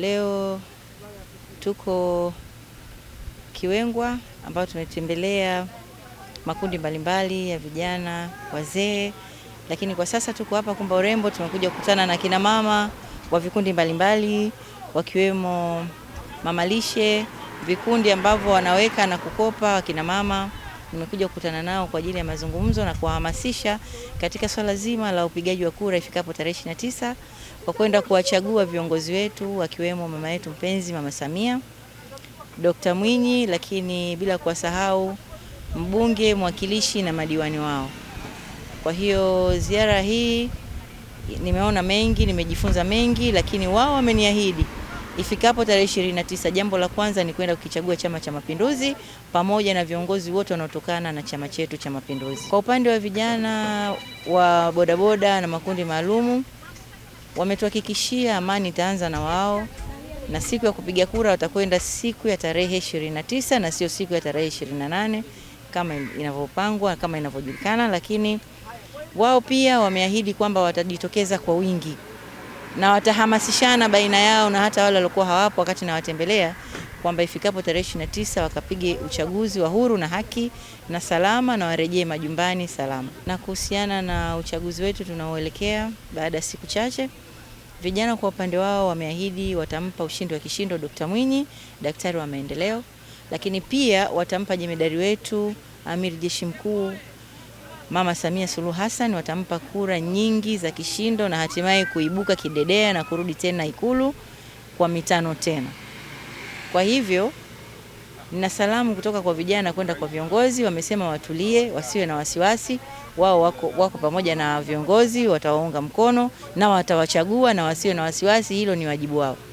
Leo tuko Kiwengwa ambayo tumetembelea makundi mbalimbali ya vijana, wazee, lakini kwa sasa tuko hapa Kumba Urembo. Tumekuja kukutana na kina mama wa vikundi mbalimbali wakiwemo mamalishe, vikundi ambavyo wanaweka na kukopa wakina mama nimekuja kukutana nao kwa ajili ya mazungumzo na kuwahamasisha katika swala zima la upigaji wa kura ifikapo tarehe 29 kwa kwenda kuwachagua viongozi wetu wakiwemo mama yetu mpenzi Mama Samia, Dkt. Mwinyi, lakini bila kuwasahau mbunge, mwakilishi na madiwani wao. Kwa hiyo ziara hii nimeona mengi, nimejifunza mengi, lakini wao wameniahidi Ifikapo tarehe 29, jambo la kwanza ni kwenda kukichagua Chama cha Mapinduzi pamoja na viongozi wote wanaotokana na chama chetu cha Mapinduzi. Kwa upande wa vijana wa bodaboda na makundi maalumu, wametuhakikishia amani itaanza na wao na siku ya kupiga kura watakwenda siku ya tarehe 29 na sio siku ya tarehe 28 kama inavyopangwa, kama inavyojulikana. Lakini wao pia wameahidi kwamba watajitokeza kwa wingi na watahamasishana baina yao na hata wale waliokuwa hawapo wakati nawatembelea kwamba ifikapo tarehe ishirini tisa wakapige uchaguzi wa huru na haki na salama na warejee majumbani salama. Na kuhusiana na uchaguzi wetu tunaoelekea baada ya siku chache, vijana kwa upande wao wameahidi watampa ushindi wa kishindo Dkt. Mwinyi, daktari wa maendeleo, lakini pia watampa jemedari wetu amiri jeshi mkuu Mama Samia Suluhu Hassan watampa kura nyingi za kishindo na hatimaye kuibuka kidedea na kurudi tena Ikulu kwa mitano tena. Kwa hivyo nina salamu kutoka kwa vijana kwenda kwa viongozi, wamesema watulie, wasiwe na wasiwasi. Wao wako, wako pamoja na viongozi, watawaunga mkono na watawachagua, na wasiwe na wasiwasi, hilo ni wajibu wao.